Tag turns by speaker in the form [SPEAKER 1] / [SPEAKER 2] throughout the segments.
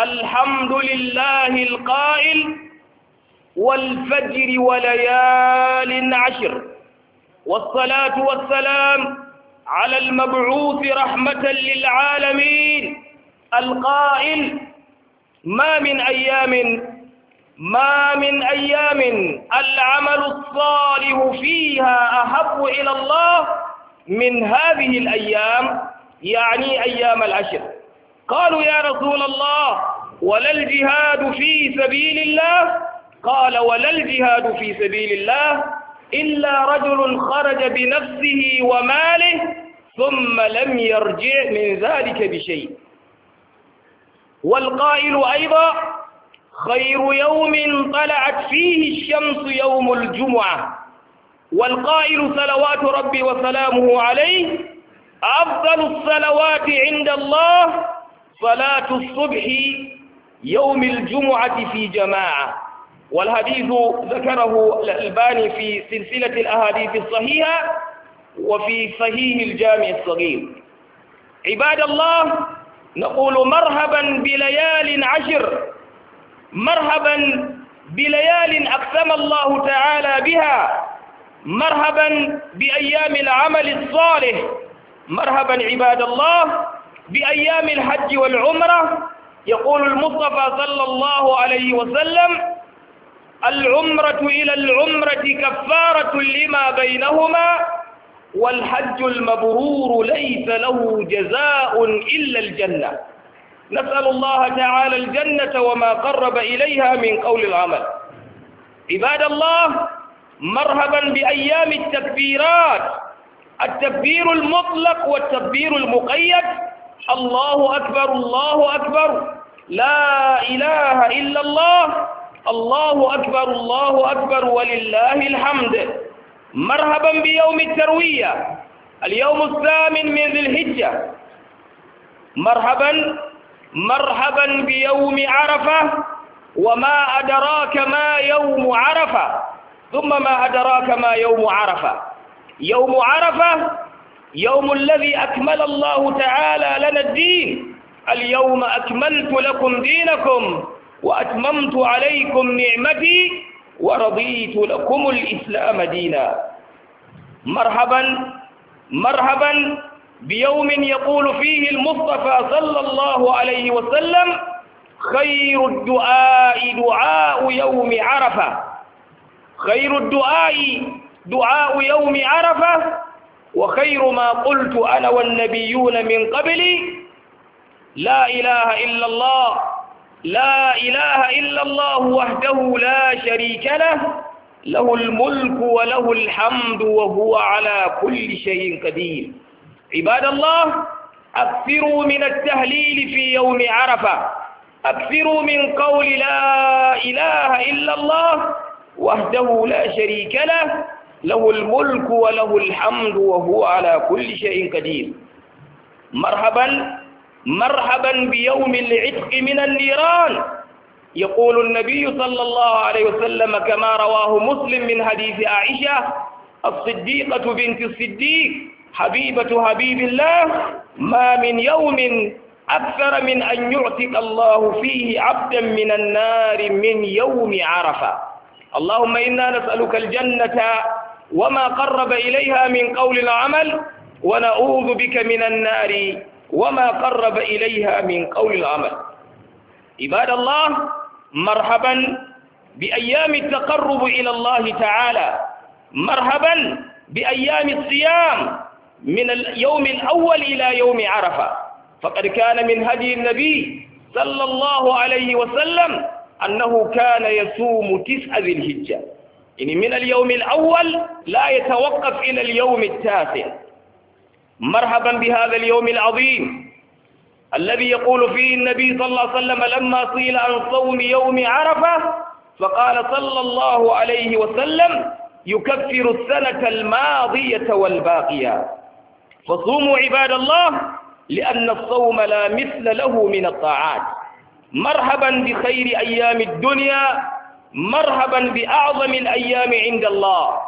[SPEAKER 1] الحمد لله القائل والفجر وليال عشر والصلاة والسلام على المبعوث رحمة للعالمين القائل ما من أيام ما من أيام العمل الصالح فيها أحب إلى الله من هذه الأيام يعني أيام العشر قالوا يا رسول الله ولا الجهاد في سبيل الله قال ولا الجهاد في سبيل الله إلا رجل خرج بنفسه وماله ثم لم يرجع من ذلك بشيء والقائل أيضا خير يوم طلعت فيه الشمس يوم الجمعة والقائل صلوات ربي وسلامه عليه أفضل الصلوات عند الله صلاة الصبح يوم الجمعة في جماعة والحديث ذكره الألباني في سلسلة الأحاديث الصحيحة وفي صحيح الجامع الصغير عباد الله نقول مرحبا بليال عشر مرحبا بليال أقسم الله تعالى بها مرحبا بأيام العمل الصالح مرحبا عباد الله بأيام الحج والعمرة يقول المصطفى صلى الله عليه وسلم العمرة إلى العمرة كفارة لما بينهما والحج المبرور ليس له جزاء إلا الجنة نسأل الله تعالى الجنة وما قرب إليها من قول العمل عباد الله مرحبا بأيام التكبيرات التكبير المطلق والتكبير المقيد الله أكبر الله أكبر لا إله إلا الله الله أكبر الله أكبر ولله الحمد مرحبا بيوم التروية اليوم الثامن من ذي الحجة مرحبا مرحبا بيوم عرفة وما أدراك ما يوم عرفة ثم ما أدراك ما يوم عرفة يوم عرفة يوم الذي أكمل الله تعالى لنا الدين اليوم أكملت لكم دينكم وأتممت عليكم نعمتي ورضيت لكم الإسلام دينا مرحبا مرحبا بيوم يقول فيه المصطفى صلى الله عليه وسلم خير الدعاء دعاء يوم عرفة خير الدعاء دعاء يوم عرفة وخير ما قلت أنا والنبيون من قبلي لا إله إلا الله لا إله إلا الله وحده لا شريك له له الملك وله الحمد وهو على كل شيء قدير عباد الله أكثروا من التهليل في يوم عرفة أكثروا من قول لا إله إلا الله وحده لا شريك له له الملك وله الحمد وهو على كل شيء قدير مرحبا مرحبا بيوم العتق من النيران يقول النبي صلى الله عليه وسلم كما رواه مسلم من حديث عائشة الصديقة بنت الصديق حبيبة حبيب الله ما من يوم أكثر من أن يعتق الله فيه عبدا من النار من يوم عرفة اللهم إنا نسألك الجنة وما قرب إليها من قول العمل ونعوذ بك من النار وما قرب إليها من قول العمل عباد الله مرحبا بأيام التقرب إلى الله تعالى مرحبا بأيام الصيام من اليوم الأول إلى يوم عرفة فقد كان من هدي النبي صلى الله عليه وسلم أنه كان يصوم تسع ذي الهجة يعني من اليوم الأول لا يتوقف إلى اليوم التاسع مرحبا بهذا اليوم العظيم الذي يقول فيه النبي صلى الله عليه وسلم لما صيل عن صوم يوم عرفة فقال صلى الله عليه وسلم يكفر السنة الماضية والباقية فصوموا عباد الله لأن الصوم لا مثل له من الطاعات مرحبا بخير أيام الدنيا مرحبا بأعظم الأيام عند الله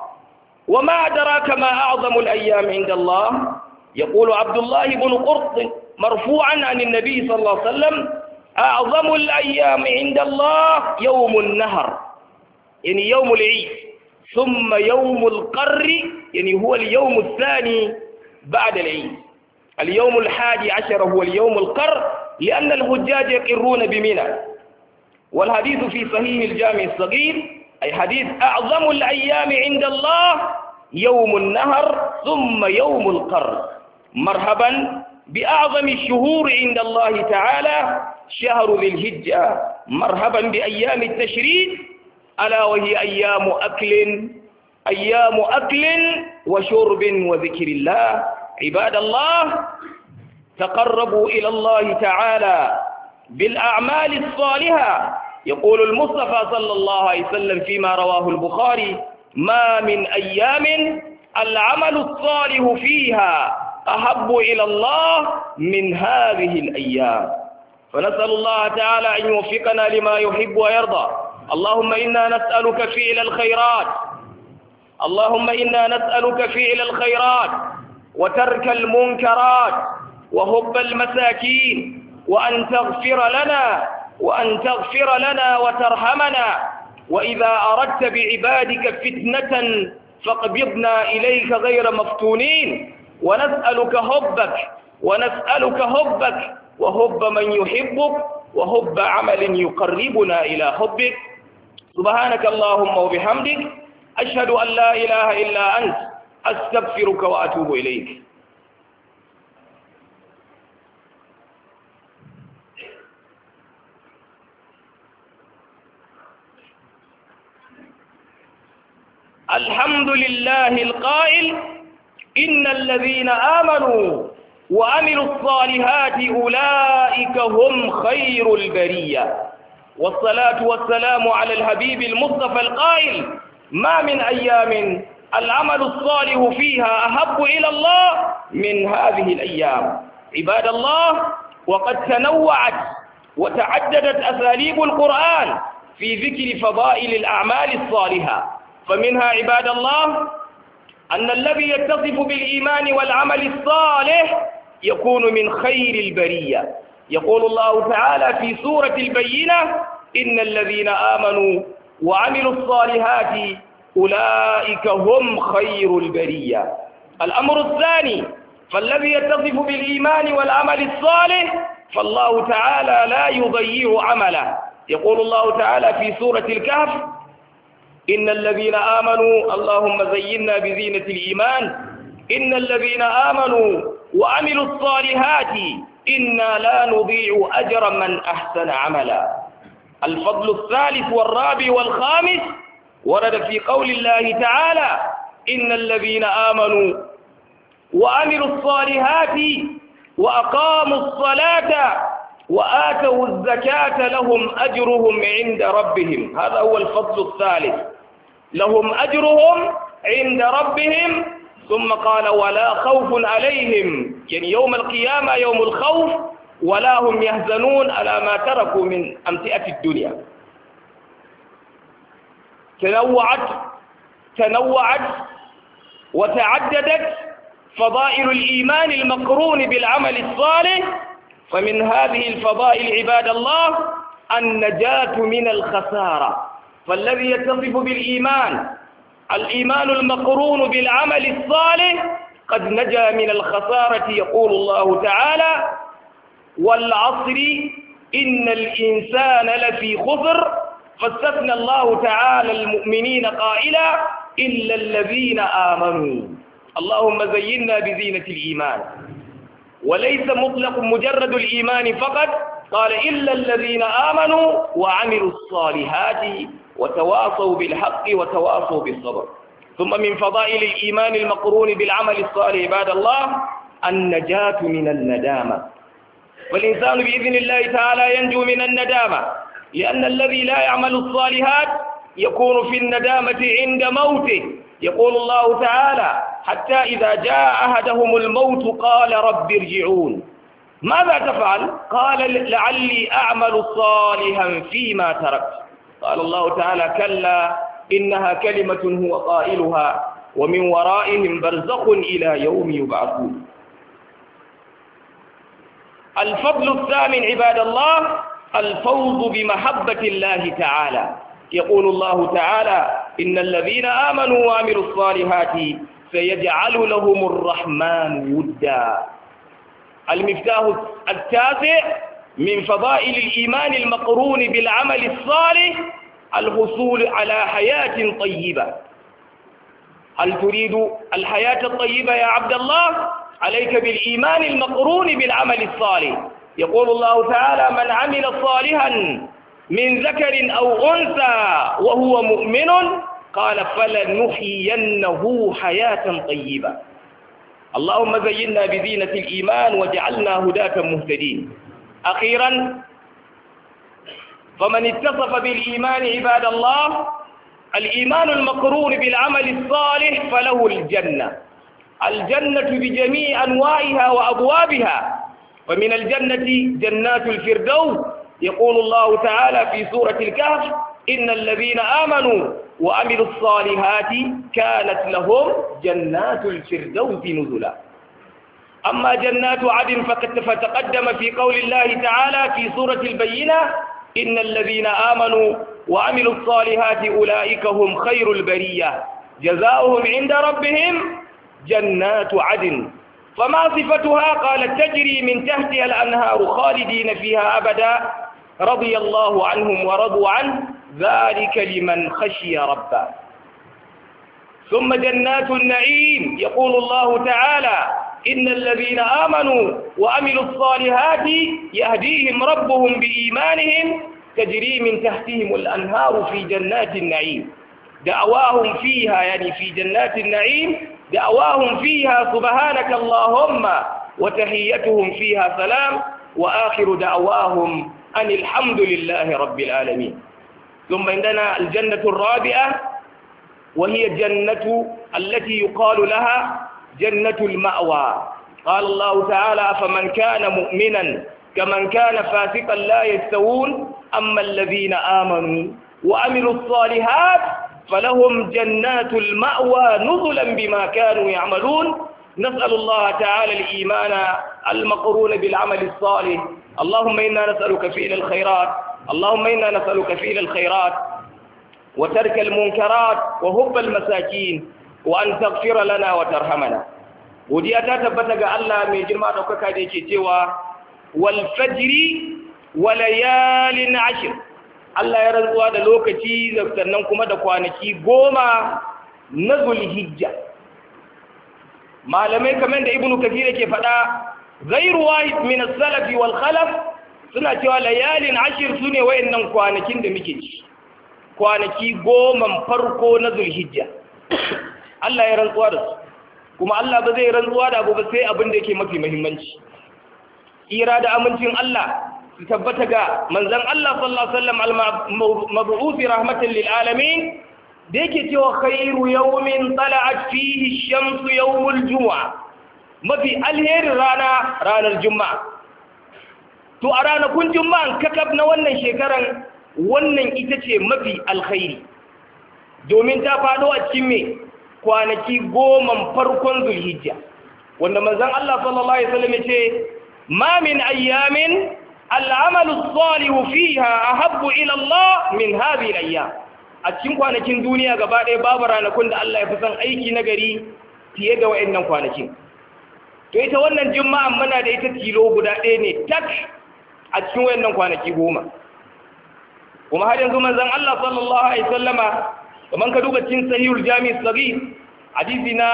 [SPEAKER 1] وما أدراك ما أعظم الأيام عند الله يقول عبد الله بن قرط مرفوعا عن النبي صلى الله عليه وسلم أعظم الأيام عند الله يوم النهر يعني يوم العيد ثم يوم القر يعني هو اليوم الثاني بعد العيد اليوم الحادي عشر هو اليوم القر لأن الحجاج يقرون بمنى والحديث في صحيح الجامع الصغير أي حديث أعظم الأيام عند الله يوم النهر ثم يوم القر مرحبا بأعظم الشهور عند الله تعالى شهر ذي الهجة مرحبا بأيام التشريد ألا وهي أيام أكل أيام أكل وشرب وذكر الله عباد الله تقربوا إلى الله تعالى بالأعمال الصالحة يقول المصطفى صلى الله عليه وسلم فيما رواه البخاري ما من أيام العمل الصالح فيها أحب إلى الله من هذه الأيام فنسأل الله تعالى أن يوفقنا لما يحب ويرضى اللهم إنا نسألك فعل الخيرات اللهم إنا نسألك فعل الخيرات وترك المنكرات وهب المساكين وأن تغفر لنا وأن تغفر لنا وترحمنا وإذا أردت بعبادك فتنة فاقبضنا إليك غير مفتونين ونسألك حبك ونسألك حبك وحب من يحبك وحب عمل يقربنا إلى حبك سبحانك اللهم وبحمدك أشهد أن لا إله إلا أنت أستغفرك وأتوب إليك الحمد لله القائل إن الذين آمنوا وعملوا الصالحات أولئك هم خير البرية والصلاة والسلام على الحبيب المصطفى القائل ما من أيام العمل الصالح فيها أحب إلى الله من هذه الأيام عباد الله وقد تنوعت وتعددت أساليب القرآن في ذكر فضائل الأعمال الصالحة فمنها عباد الله أن الذي يتصف بالإيمان والعمل الصالح يكون من خير البرية يقول الله تعالى في سورة البينة إن الذين آمنوا وعملوا الصالحات أولئك هم خير البرية الأمر الثاني فالذي يتصف بالإيمان والعمل الصالح فالله تعالى لا يضيع عمله يقول الله تعالى في سورة الكهف إن الذين آمنوا اللهم زينا بزينة الإيمان إن الذين آمنوا وعملوا الصالحات إنا لا نضيع أجر من أحسن عملا الفضل الثالث والرابع والخامس ورد في قول الله تعالى إن الذين آمنوا وعملوا الصالحات وأقاموا الصلاة وآتوا الزكاة لهم أجرهم عند ربهم هذا هو الفضل الثالث لهم أجرهم عند ربهم ثم قال ولا خوف عليهم يعني يوم القيامة يوم الخوف ولا هم يهزنون على ما تركوا من أمتئة الدنيا تنوعت تنوعت وتعددت فضائل الإيمان المقرون بالعمل الصالح فمن هذه الفضائل عباد الله النجاة من الخسارة فالذي يتصف بالإيمان الإيمان المقرون بالعمل الصالح قد نجا من الخسارة يقول الله تعالى والعصر إن الإنسان لفي خسر فاستثنى الله تعالى المؤمنين قائلا إلا الذين آمنوا اللهم زينا بزينة الإيمان وليس مطلق مجرد الإيمان فقط قال إلا الذين آمنوا وعملوا الصالحات وتواصوا بالحق وتواصوا بالصبر ثم من فضائل الإيمان المقرون بالعمل الصالح عباد الله النجاة من الندامة فالإنسان بإذن الله تعالى ينجو من الندامة لأن الذي لا يعمل الصالحات يكون في الندامة عند موته يقول الله تعالى حتى إذا جاء أحدهم الموت قال رب ارجعون ماذا تفعل؟ قال لعلي أعمل صالحا فيما تركت قال الله تعالى كلا إنها كلمة هو قائلها ومن ورائهم برزق إلى يوم يبعثون الفضل الثامن عباد الله الفوز بمحبة الله تعالى يقول الله تعالى إن الذين آمنوا وعملوا الصالحات سيجعل لهم الرحمن ودا المفتاح التاسع من فضائل الإيمان المقرون بالعمل الصالح الحصول على حياة طيبة هل تريد الحياة الطيبة يا عبد الله عليك بالإيمان المقرون بالعمل الصالح يقول الله تعالى من عمل صالحا من ذكر أو أنثى وهو مؤمن قال فلنحيينه حياة طيبة اللهم زينا بزينة الإيمان وجعلنا هداة مهتدين أخيرا فمن اتصف بالإيمان عباد الله الإيمان المقرون بالعمل الصالح فله الجنة الجنة بجميع أنواعها وأبوابها ومن الجنة جنات الفردوس يقول الله تعالى في سورة الكهف إن الذين آمنوا وعملوا الصالحات كانت لهم جنات الفردوس نزلا أما جنات عدن فتقدم في قول الله تعالى في سورة البينة إن الذين آمنوا وعملوا الصالحات أولئك هم خير البرية جزاؤهم عند ربهم جنات عدن فما صفتها قال تجري من تحتها الأنهار خالدين فيها أبدا رضي الله عنهم ورضوا عنه ذلك لمن خشي ربا ثم جنات النعيم يقول الله تعالى إن الذين آمنوا وعملوا الصالحات يهديهم ربهم بإيمانهم تجري من تحتهم الأنهار في جنات النعيم دعواهم فيها يعني في جنات النعيم دعواهم فيها سبحانك اللهم وتحيتهم فيها سلام وآخر دعواهم أن الحمد لله رب العالمين ثم عندنا الجنة الرابعة وهي الجنة التي يقال لها جنة المأوى قال الله تعالى فمن كان مؤمنا كمن كان فاسقا لا يستوون أما الذين آمنوا وعملوا الصالحات فلهم جنات المأوى نزلا بما كانوا يعملون نسأل الله تعالى الإيمان المقرون بالعمل الصالح اللهم إنا نسألك فعل الخيرات اللهم إنا نسألك فعل الخيرات وترك المنكرات وهب المساكين وأن تغفر لنا وترحمنا ودي بتقى الله من جرمات وككا ديكي والفجر وليال عشر الله ya هذا لوكتي lokaci sannan kuma da kwanaki malamai kamar da ibnu kathir yake faɗa ghairu wahid min as-salaf wal khalaf suna cewa layalin ashir sune wayannan kwanakin da muke ci kwanaki goman farko na zulhijja Allah ya rantsuwa da su kuma Allah ba zai rantsuwa da abu ba sai abin da yake mafi muhimmanci ira da amincin Allah su tabbata ga manzon Allah sallallahu alaihi wasallam al-mab'uth rahmatan lil alamin da yake cewa khairu yawmin tala'at fihi shamsu yawmul juma'a mafi alheri rana ranar juma'a to a ranakun juma'a kakab na wannan shekaran wannan ita ce mafi alkhairi domin ta faɗo a cikin me kwanaki goma farkon zulhijja wanda manzon Allah sallallahu alaihi wasallam ya ce ma min ayyamin al'amalu salihu fiha ahabbu ila Allah min hadhihi al-ayyam a cikin kwanakin duniya gaba ɗaya babu ranakun da Allah ya fi son aiki na gari fiye da wa'annan kwanakin to ita wannan juma'an muna da ita tilo guda ɗaya ne tak a cikin wa'annan kwanaki goma kuma har yanzu manzan Allah sallallahu alaihi sallama kamar ka duba cikin sahihul jami sahih hadisi na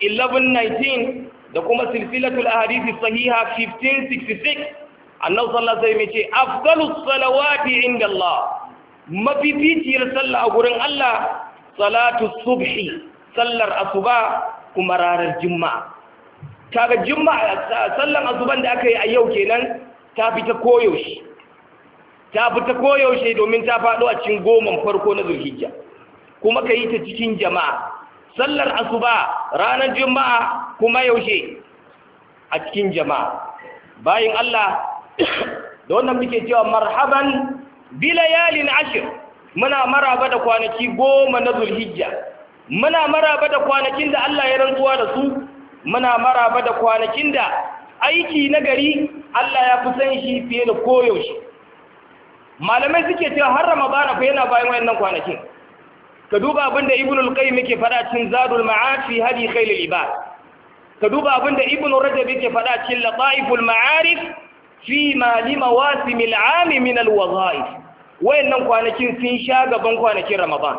[SPEAKER 1] 1119 da kuma silsilatul ahadisi sahiha 1566 annabi sallallahu alaihi wasallam ya ce afdalus salawati inda Allah mafificiyar sallah a gurin Allah salatu subhi sallar asuba kuma ranar juma'a kaga juma'a sallan asuba da aka yi a yau kenan ta fita koyaushe ta fita koyaushe domin ta faɗo a cikin goman farko na zulhijja kuma ka yi ta cikin jama'a sallar asuba ranar juma'a kuma yaushe a cikin jama'a bayan Allah da wannan muke cewa marhaban bilayalin ashir muna maraba da kwanaki goma na zulhijja muna maraba da kwanakin da Allah ya rantsuwa da su muna maraba da kwanakin da aiki na gari Allah ya fi san shi fiye da koyaushe malamai suke cewa har ramadana fa yana bayan wayannan kwanakin ka duba abin da ibn al-qayyim yake fada cikin zadul ma'ad fi hadi khayl al-ibad ka duba abin da ibnu rajab yake fada cikin lataiful ma'arif fi ma li mawasim min al wayannan kwanakin sun sha gaban kwanakin Ramadan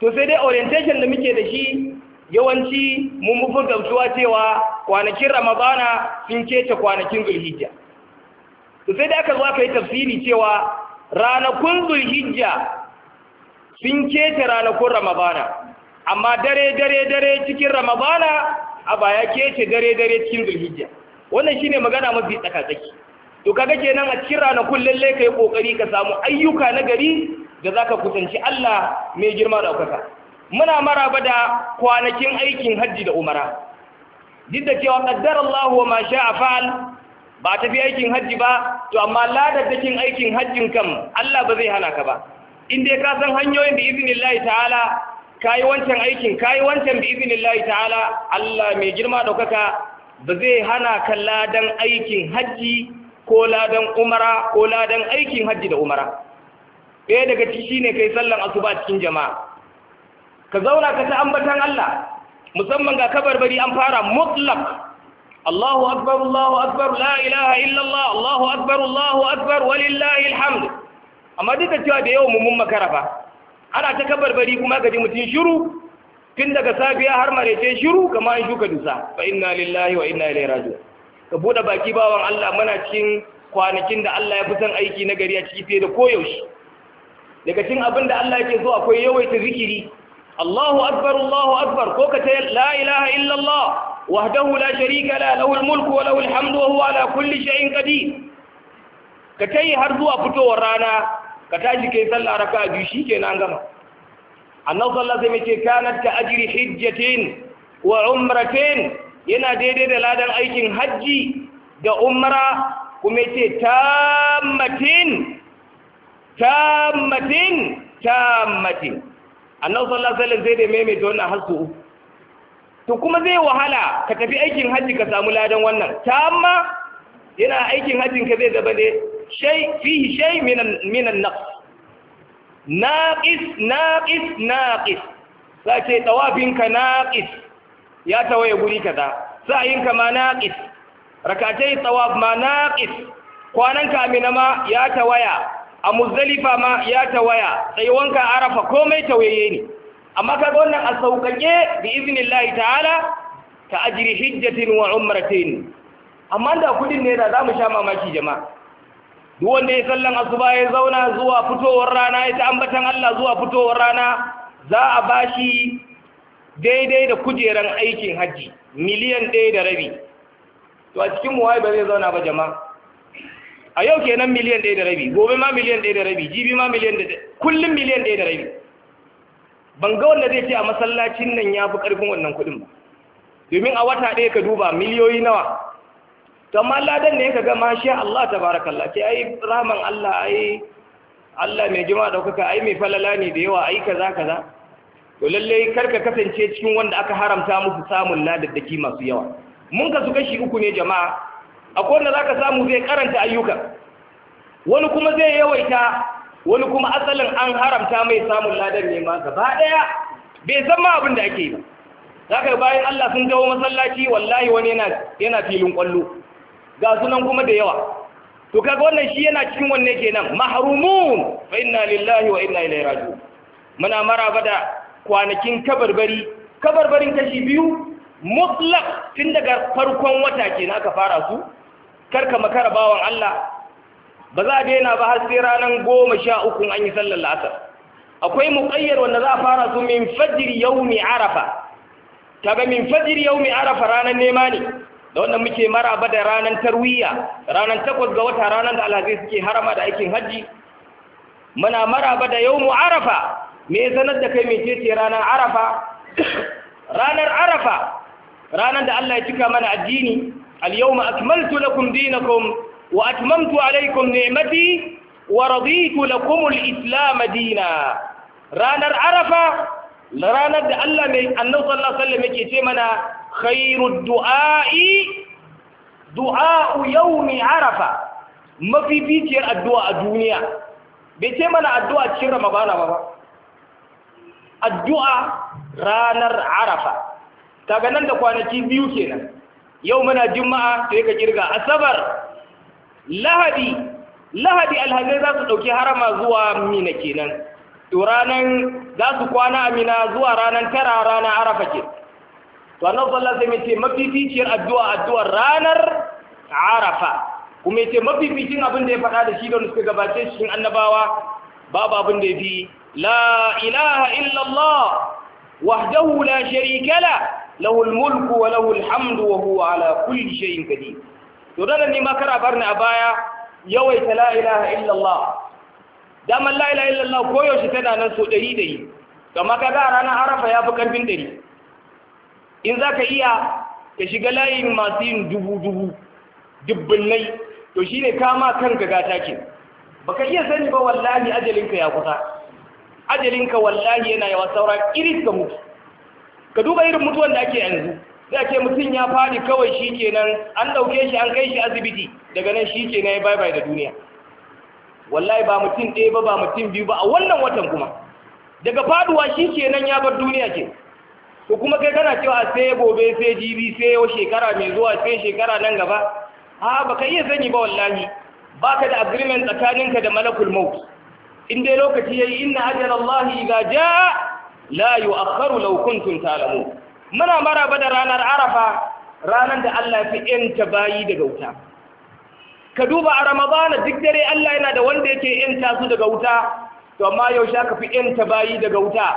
[SPEAKER 1] to sai dai orientation da muke da shi yawanci mun mufi cewa kwanakin Ramadana sun kece kwanakin Zulhijja to sai dai aka zo aka yi tafsiri cewa ranakun Zulhijja sun kece ranakun Ramadana amma dare dare dare cikin Ramadana a baya kece dare dare cikin Zulhijja wannan shine magana mafi tsaka-tsaki to kaga kenan a cikin ranakun lalle kai kokari ka samu ayyuka na gari da zaka kusanci Allah mai girma da ɗaukaka muna maraba da kwanakin aikin hajji da umara duk da cewa qaddara Allah wa ma sha'a fa'al ba tafi aikin hajji ba to amma ladadakin aikin hajjin kam Allah ba zai hana ka ba in dai ka san hanyoyin da Allah ta'ala kayi wancan aikin kayi wancan bi Allah ta'ala Allah mai girma ɗaukaka ba zai hana ka ladan aikin hajji ko ladan umara ko ladan aikin hajji da umara ɗaya daga ciki shine kai sallan asuba cikin jama'a ka zauna ka ta ambatan Allah musamman ga kabarbari an fara mutlak Allahu akbar Allahu akbar la ilaha illallah Allahu akbar Allahu akbar walillahi alhamd amma duka cewa da yau mun makarafa ana ta kabarbari kuma gaji mutum shiru tun daga safiya har marece shiru kamar an shuka dusa fa inna lillahi wa inna ilaihi raji'un ka buɗe baki bawan Allah muna cikin kwanakin da Allah ya fi son aiki na gari a ciki fiye da koyaushe daga cin abin da Allah yake so akwai yawaita zikiri Allahu akbar Allahu akbar ko ka ce la ilaha illallah wahdahu la sharika la lahul mulku wa hamdu wa huwa ala kulli shay'in qadir ka tayi har zuwa fitowar rana ka tashi kai sallah raka'a biyu shikenan an gama annabi sallallahu alaihi wasallam ya ce kanat ka ajri hijjatin wa umratin yana daidai da ladan aikin hajji da umara kuma ce tammatin tammatin tammatin annabi sallallahu alaihi wasallam zai da maimaita wannan hasu to kuma zai wahala ka tafi aikin hajji ka samu ladan wannan tamma yana aikin hajjin ka zai zaba ne shay fihi shay minan minan naqis naqis naqis sace tawafin ka naqis ya tawaye guri kaza sa'in ka ma naqis rakatai tawaf ma naqis kwanan ka amina ma ya tawaya a muzdalifa ma ya tawaya tsayuwan ka arafa komai tawaye ne amma kaga wannan a sauƙaƙe bi iznillahi ta'ala ka ajri hijjatin wa umratin amma da kudin ne da zamu sha mamaki jama'a duk wanda ya sallan asuba ya zauna zuwa fitowar rana ya ta ambatan Allah zuwa fitowar rana za a bashi daidai da kujeran aikin hajji miliyan ɗaya da rabi to a cikin muwai ba zai zauna ba jama'a a yau kenan miliyan ɗaya da rabi gobe ma miliyan ɗaya da rabi jibi ma miliyan ɗaya kullum miliyan ɗaya da rabi ban ga wanda zai ce a masallacin nan ya fi ƙarfin wannan kuɗin ba domin a wata ɗaya ka duba miliyoyi nawa to amma ladan ne ka ga masha Allah tabarakallah ke ai rahman Allah ai Allah mai jima daukaka ai mai falala ne da yawa ai kaza kaza to lalle karka kasance cikin wanda aka haramta musu samun ladaddaki masu yawa mun ka su kashi uku ne jama'a akwai wanda zaka samu zai karanta ayyuka wani kuma zai yawaita wani kuma asalin an haramta mai samun ladar ne ma gaba daya bai ma abin da ake yi ba zaka bayan Allah sun dawo masallaci wallahi wani yana yana filin kwallo ga sunan kuma da yawa to kaga wannan shi yana cikin wanne kenan mahrumun fa inna lillahi wa inna ilaihi raji'un muna maraba da kwanakin kabarbari kabarbarin kashi biyu mutlak tun daga farkon wata ke na aka fara su karka makara bawan Allah ba za a daina ba har sai ranar goma sha uku an yi sallar la'asar akwai muƙayyar wanda za a fara su min fajir mai arafa kaga min fajir mai arafa ranar nema ne da wanda muke maraba da ranar tarwiya ranar takwas ga wata ranar da alhazai suke harama da aikin hajji muna maraba da yau arafa me sanar da kai mecece ranar arafa ranar arafa ranar da Allah ya cika mana addini al-yawma akmaltu lakum dinakum wa atmamtu alaykum ni'mati wa raditu lakum dina ranar arafa ranar da Allah mai annabi sallallahu alaihi wasallam yake ce mana khairu du'a'i du'a'u yawmi arafa mafificiyar addu'a a duniya bai ce mana addu'a cikin ramadana ba addu'a ranar arafa kaga nan da kwanaki biyu kenan yau muna juma'a to ka kirga asabar lahadi lahadi alhazai za su ɗauki harama zuwa mina kenan to ranar za su kwana a mina zuwa ranar tara ranar arafa ke to annabi sallallahu alaihi wasallam ce mafificiyar addu'a addu'ar ranar arafa kuma ce mafificin abin da ya faɗa da shi da suka gabace shi annabawa babu abin da yafi la ilaha illallah wahdahu la sharika la lahul mulku wa lahul hamdu wa huwa ala kulli shay'in qadir to dan ne ma kara barni a baya yawaita la ilaha illallah daman la ilaha illallah koyaushe tana nan so ɗari dai kama ka ga ranar arafa ya fi ƙarfin ɗari in za ka iya ka shiga layin masu yin dubu-dubu dubbinai to shi ne kama kanka gata baka iya sani ba wallahi ajalinka ya kusa ajalinka wallahi yana yawa saura iris ka mutu ka duba irin mutuwan da ake yanzu sai ce mutum ya fadi kawai shi kenan an ɗauke shi an kai shi asibiti daga nan shi ke ya bai bai da duniya wallahi ba mutum ɗaya ba ba mutum biyu ba a wannan watan kuma daga faduwa shi ke nan ya bar duniya ke ko kuma kai kana cewa sai gobe sai jibi sai yau shekara mai zuwa sai shekara nan gaba a ka iya sani ba wallahi ba ka da agreement tsakaninka da malakul maut in dai lokaci yayi inna ajal Allah idza jaa la yu'akhkharu law kuntum muna maraba da ranar arafa ranar da Allah fi yanta bayi daga wuta ka duba a ramadana duk dare Allah yana da wanda yake yanta su daga wuta to amma yaushe ka fi yanta bayi daga wuta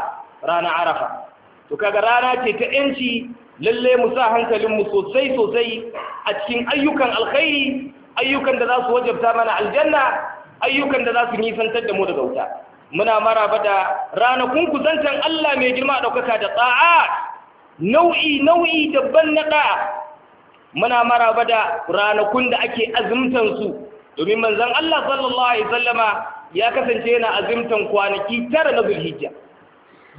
[SPEAKER 1] ranar arafa to kaga rana ce ta yanci lalle mu sa hankalin mu sosai sosai a cikin ayyukan alkhairi ayyukan da za su wajabta mana aljanna ayyukan da za su nisantar da mu daga wuta muna maraba da ranakun kusantan Allah mai girma ɗaukaka da tsa'a nau'i nau'i dabban na da muna maraba da ranakun da ake azumtan su domin manzon Allah sallallahu alaihi wasallama ya kasance yana azumtan kwanaki tara na zulhijja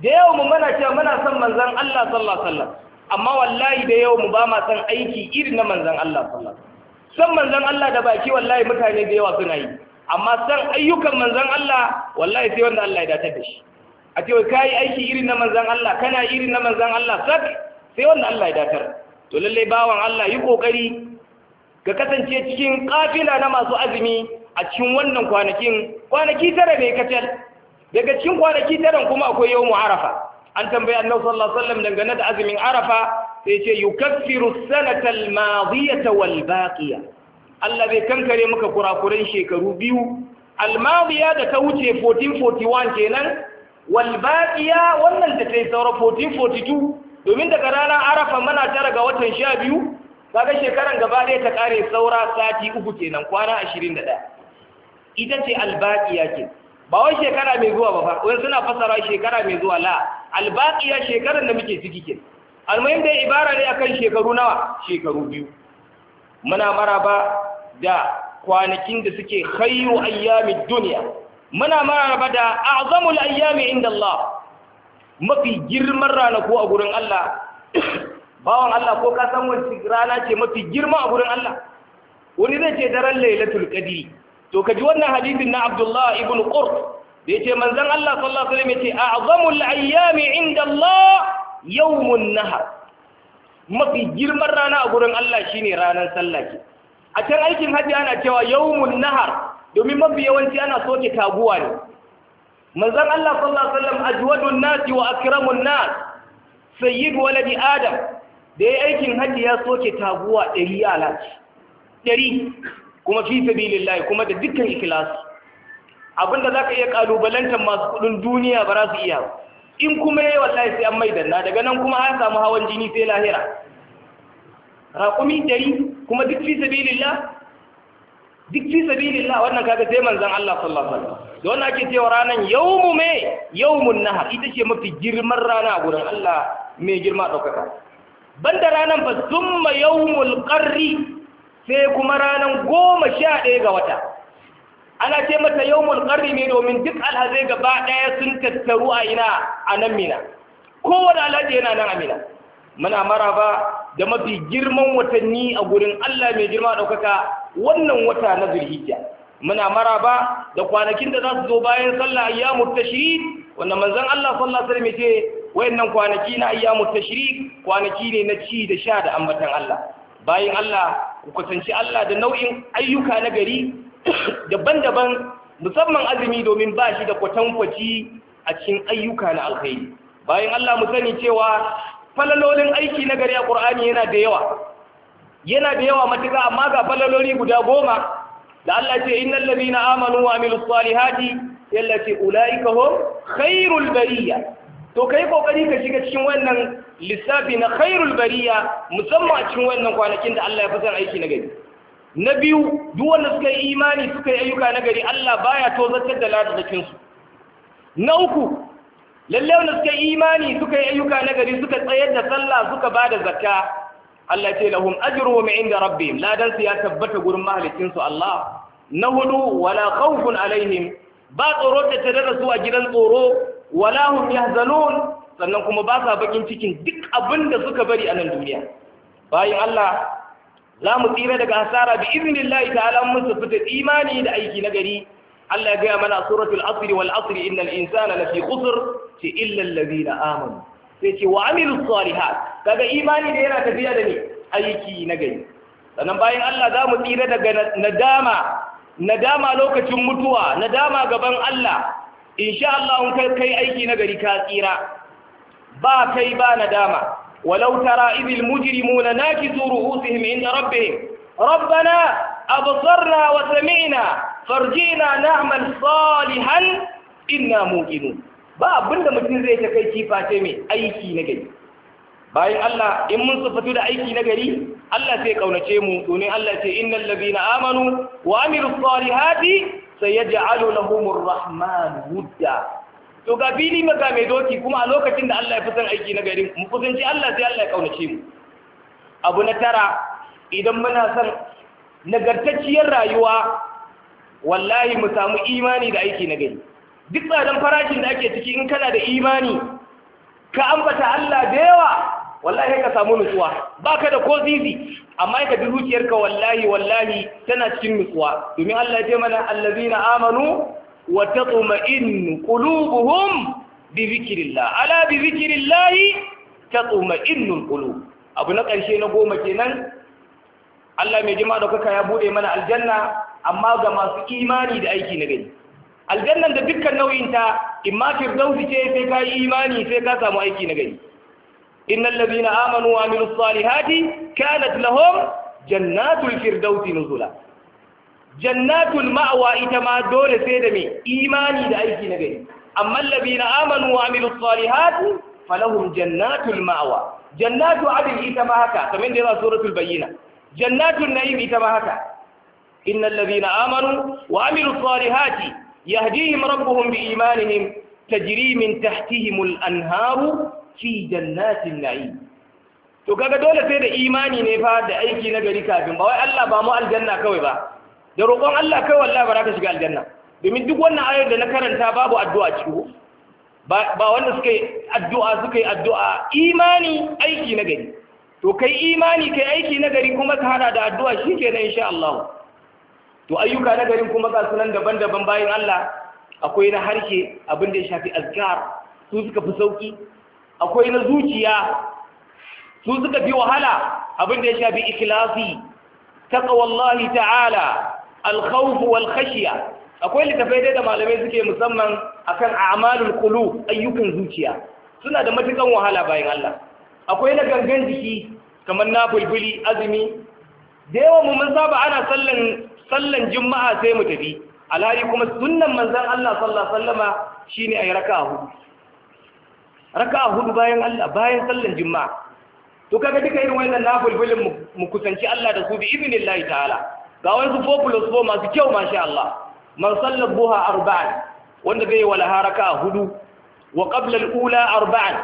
[SPEAKER 1] da yau mu mana cewa muna son manzon Allah sallallahu alaihi wasallam amma wallahi da yau mu ba ma son aiki irin na manzon Allah sallallahu alaihi wasallam san Manzan Allah da baki wallahi mutane da yawa suna yi amma san ayyukan Manzan Allah wallahi sai wanda Allah ya dace da shi a ce kai aiki irin na Manzan Allah kana irin na Manzan Allah sak sai wanda Allah ya datar to lalle bawan Allah yi kokari ka kasance cikin kafila na masu azumi a cikin wannan kwanakin kwanaki tara ne kacal daga cikin kwanaki tara kuma akwai yawan arafa an tambayi annabi sallallahu alaihi wasallam dangane da azumin arafa sai ce yukaffiru sanata al-madiyata wal baqiya Allah bai kankare muka kurakuran shekaru biyu al da ta wuce 1441 kenan wal wannan da ta yi saura 1442 domin daga ranar arafa muna tara ga watan 12 kaga shekaran gaba ɗaya ta kare saura sati uku kenan kwana 21 ita ce al-baqiya ba wai shekara mai zuwa ba fa wai suna fasara shekara mai zuwa la albaqiya shekarar da muke ciki ke almuhim dai ibara ne akan shekaru nawa shekaru biyu muna maraba da kwanakin da suke khayru ayyamid dunya muna maraba da a'zamul ayyami inda Allah mafi girman ranaku a gurin Allah bawan Allah ko ka san wani rana ce mafi girma a gurin Allah wani zai ce daren lailatul qadri to kaji wannan hadisin na Abdullahi ibn Qurt da yace manzon Allah sallallahu alaihi wasallam yace a'zamul ayyami inda Allah yawmun nahar mafi girman rana a gurin Allah shine ranar sallah ke a can aikin hajji ana cewa yawmun nahar domin mafi yawanci ana soke taguwa ne manzon Allah sallallahu alaihi wasallam ajwadun nasi wa akramun nas sayyidu waladi adam da ya aikin hajji ya soke taguwa ɗari alaci ɗari kuma fi lillahi, kuma da dukkan ikhlasi abinda ka iya kalubalantar masu kudin duniya ba za su iya in kuma yayi wallahi sai an mai Na daga nan kuma an samu hawan jini sai lahira raƙumi dari kuma duk fi sabilillah duk fi sabilillah wannan kaga sai manzon Allah sallallahu alaihi wasallam da wannan ake cewa ranan yawmu me yawmun nahar ita ce mafi girman rana a gurin Allah mai girma daukaka banda ranan fa summa yawmul qarri sai kuma ranar goma sha ɗaya ga wata ana ce mata mun ƙarni ne domin duk alhazai gaba ɗaya sun tattaru a ina a nan mina kowane alhaji yana nan a mina muna maraba da mafi girman watanni a gurin allah mai girma ɗaukaka wannan wata na zulhijja muna maraba da kwanakin da za su zo bayan sallah ayyamu tashrik wanda manzon Allah sallallahu alaihi wasallam yace wayannan kwanaki na ayyamu tashrik kwanaki ne na ci da sha da ambatan Allah bayan Allah ku kusanci Allah da nau'in ayyuka na gari daban-daban musamman azumi domin ba shi da kwatankwaci a cikin ayyuka na alkhairi bayan Allah mu sani cewa falalolin aiki na gari a Qur'ani yana da yawa yana da yawa matuƙa amma ga falaloli guda goma da Allah ce innal ladina amanu wa amilus salihati yallati ulaika hum khairul bariya to kai kokari ka shiga cikin wannan lissafi na khairul bariya musamman a cikin wannan kwanakin da Allah ya fi son aiki na gari na biyu duk wanda suka yi imani suka yi ayyuka na gari Allah baya tozartar da ladadakin su na uku lalle wanda suka yi imani suka yi ayyuka na gari suka tsayar da sallah suka ba da zakka Allah ce lahum ajruhum inda rabbihim ladan su ya tabbata gurin mahalicin su Allah na hudu wala khawfun alaihim ba tsoro ta tare da su a gidan tsoro wala hum yahzanun sannan kuma ba sa bakin cikin duk abin da suka bari a nan duniya bayan Allah za mu tsira daga hasara bi iznillahi ta'ala mun fita imani da aiki na gari Allah ya gaya mana suratul asri wal asri innal insana lafi khusr ce illa alladhina amanu sai ce wa amilus salihat kaga imani da yana tafiya da ni aiki na gari sannan bayan Allah za mu tsira daga nadama nadama lokacin mutuwa nadama gaban Allah In sha Allah in kai aiki na gari ka tsira ba kai ba nadama walau tara idil mujrimuna nakizu ru'usihim inda rabbihim rabbana absarna wa sami'na farjina na'mal salihan inna muqinun ba abinda mutum zai ta kai kiface mai aiki na gari bayan Allah in mun sufatu da aiki na gari Allah sai kaunace mu Doni Allah ce innal ladina amanu wa amilus salihati sai ya na lahumur rahman wudda to ga fili maka mai doki kuma a lokacin da Allah ya fi san aiki na gari mu Allah sai Allah ya kaunace mu abu na tara idan muna son nagartacciyar rayuwa wallahi mu samu imani da aiki na gari duk tsadan farashin da ake ciki in kana da imani ka ambata Allah da yawa wallahi ka samu nutsuwa baka da ko zizi amma ka bi ka wallahi wallahi tana cikin nutsuwa domin Allah ya ce mana allazina amanu wa tatma'innu qulubuhum bi zikrillah ala bi zikrillah tatma'innu qulub abu na karshe na goma kenan Allah mai jima da kuka ya bude mana aljanna amma ga masu imani da aiki na gani aljannan da dukkan nau'inta imma firdausi ce sai ka yi imani sai ka samu aiki na gani إن الذين آمنوا وعملوا الصالحات كانت لهم جنات الفردوس نزلا جنات المأوى إتما دور سيدمي إيماني دعيكي نبي أما الذين آمنوا وعملوا الصالحات فلهم جنات المأوى جنات عدل إتما هكا كمين دينا سورة البينة جنات النعيم إتما هكا إن الذين آمنوا وعملوا الصالحات يهديهم ربهم بإيمانهم تجري من تحتهم الأنهار fi jannatin na'im to kaga dole sai da imani ne fa da aiki na gari kafin ba wai Allah ba mu aljanna kawai ba da roƙon Allah kai wallahi ba za ka shiga aljanna domin duk wannan ayar da na karanta babu addu'a ciki ba wanda suka yi addu'a suka yi addu'a imani aiki na gari to kai imani kai aiki na gari kuma ka hada da addu'a shikenan insha Allah to ayyuka na garin kuma ga sunan daban-daban bayan Allah akwai na harshe abin da ya shafi azkar su suka fi sauki akwai na zuciya su suka fi wahala abin da ya shafi ikhlasi wallahi ta'ala al wal khashya akwai littafai da malamai suke musamman akan a'malul qulub ayyukan zuciya suna da matukan wahala bayan Allah akwai na gangan jiki kamar na bulbuli azumi da yawa mu mun saba ana sallan sallan juma'a sai mu tafi alhali kuma sunnan manzon Allah sallallahu alaihi wasallama shine ayi raka'a hudu raka'a hudu bayan Allah bayan sallar juma'a to kaga duka irin wannan nafilfilin mu kusanci Allah da su bi idnillahi ta'ala ga wani su 4 masu kyau masha Allah man sallar buha arba'an wanda zai wala haraka hudu wa qabla al-ula arba'an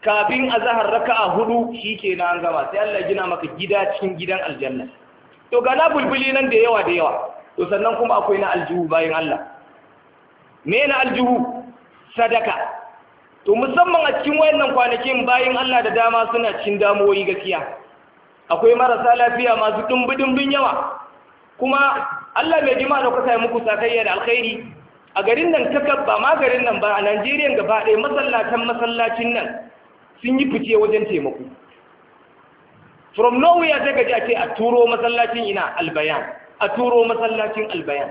[SPEAKER 1] kafin azhar raka'a hudu shikenan na gama sai Allah gina maka gida cikin gidan aljanna to ga nafilfili nan da yawa da yawa to sannan kuma akwai na aljuhu bayan Allah me na aljuhu sadaka to musamman a cikin wayannan kwanakin bayan Allah da dama suna cikin damuwoyi gaskiya akwai marasa lafiya masu dumbi-dumbin yawa kuma Allah mai jima da kusa muku sakayya da alkhairi a garin nan kakab ba ma garin nan ba a Najeriya gaba ɗaya masallatan masallacin nan sun yi fice wajen taimako from nowhere sai ji ake a turo masallacin ina albayan a turo masallacin albayan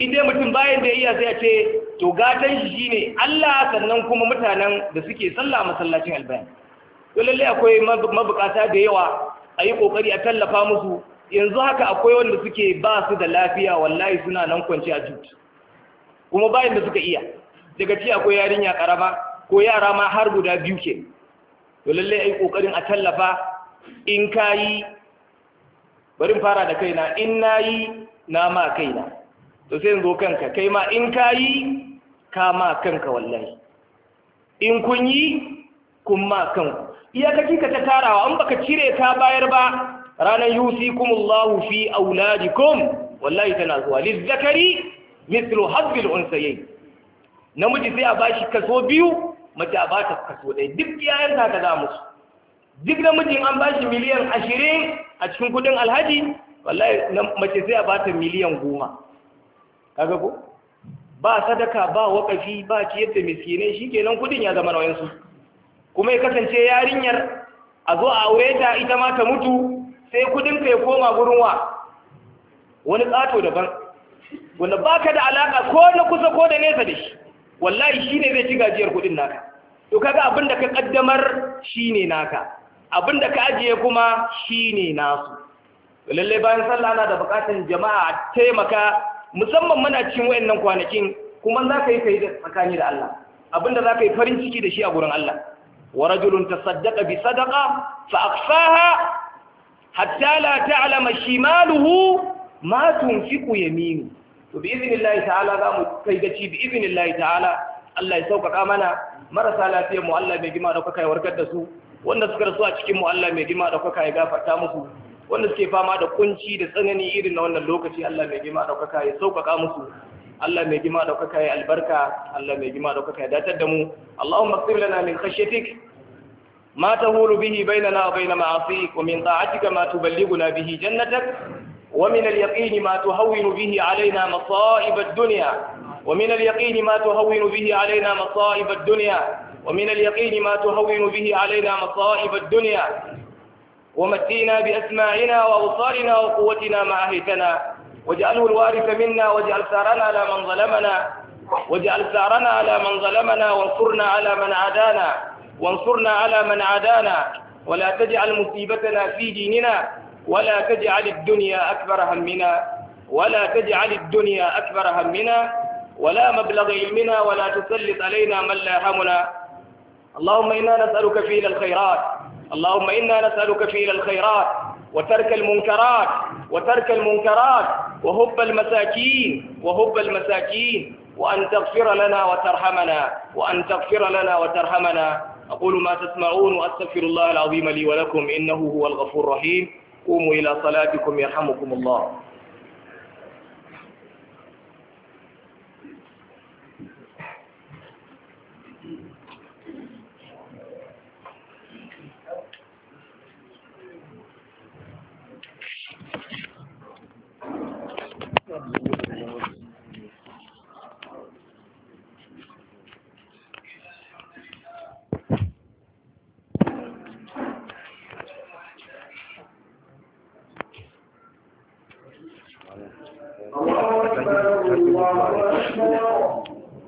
[SPEAKER 1] in mutum bayan da ya iya sai a ce to gatan shi shine Allah sannan kuma mutanen da suke sallah masallacin albayan to lalle akwai mabukata da yawa a yi kokari a tallafa musu yanzu haka akwai wanda suke ba su da lafiya wallahi suna nan kwanci a jut kuma bayan da suka iya daga ci akwai yarinya karama ko yara ma har guda biyu ke to lalle a yi kokarin a tallafa in ka yi bari fara da kaina in na yi na ma kaina to sai zo kanka kai ma in ka yi ka ma kanka wallahi in kun yi kun ma kanku iyakaci ka ta tarawa an baka cire ka bayar ba ranar kumullahu fi auladikum wallahi tana zuwa lizzakari mithlu hadbil unsayayn namiji sai a bashi kaso biyu mace a bata kaso ɗaya duk yayan ta ka za musu duk namijin an bashi miliyan ashirin a cikin kudin alhaji wallahi mace sai a bata miliyan goma kaga ko ba sadaka ba wakafi ba ciyar miskine miskinai shikenan kudin ya zama rawayansu kuma ya kasance yarinyar a zo a aure ta ita ma ta mutu sai kudin ka ya koma gurin wa wani tsato daban wanda baka da alaka ko na kusa ko da nesa da shi wallahi shine zai ci gajiyar kudin naka to kaga abin da ka kaddamar shine naka abin da ka ajiye kuma shine nasu lalle bayan sallah ana da bukatun jama'a a taimaka musamman muna cikin wayannan kwanakin kuma za ka yi kai da tsakani da Allah abinda za ka yi farin ciki da shi a gurin Allah wa rajulun tasaddaqa bi sadaqa fa aqsaha hatta la ta'lama shimaluhu ma tunfiqu yaminu to bi iznillahi ta'ala za mu kai gaci bi iznillahi ta'ala Allah ya sauƙaƙa mana marasa lafiyar mu Allah mai gima da kuka warkar da su wanda suka rasu a cikin mu Allah mai gima da kuka ya gafarta musu wanda suke fama da kunci da tsanani irin na wannan lokaci Allah mai gima daukaka ya sauƙaƙa musu Allah mai gima daukaka ya albarka Allah mai gima daukaka ya datar da mu Allahumma qir lana min khashyatik ma tahulu bihi bainana wa bain ma'asik wa min ta'atika ma tuballighuna bihi jannatak wa min al-yaqin ma tuhawwinu bihi alaina masa'ib ad-dunya wa min al-yaqin ma tuhawwinu bihi alaina masa'ib ad-dunya ومن اليقين ما تهون به علينا مصائب الدنيا ومتينا بأسماعنا وأبصارنا وقوتنا ما أهيتنا واجعله الوارث منا واجعل ثارنا على من ظلمنا واجعل ثارنا على من ظلمنا وانصرنا على من عادانا وانصرنا على من عادانا ولا تجعل مصيبتنا في ديننا ولا تجعل الدنيا أكبر همنا ولا تجعل الدنيا أكبر همنا ولا مبلغ علمنا ولا تسلط علينا من لا همنا اللهم إنا نسألك فينا الخيرات اللهم إنا نسألك فعل الخيرات وترك المنكرات وترك المنكرات وهب المساكين وهب المساكين وأن تغفر لنا وترحمنا وأن تغفر لنا وترحمنا أقول ما تسمعون وأستغفر الله العظيم لي ولكم إنه هو الغفور الرحيم قوموا إلى صلاتكم يرحمكم الله الله الله الله أكبر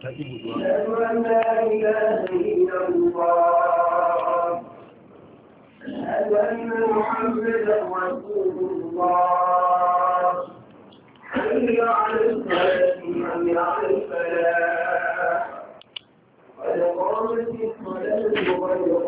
[SPEAKER 1] أكبر أشهد أن أن لا إله إلا محمدا رسول الله حي على الصلاة حي على الفلاح قد قامت الصلاة وقد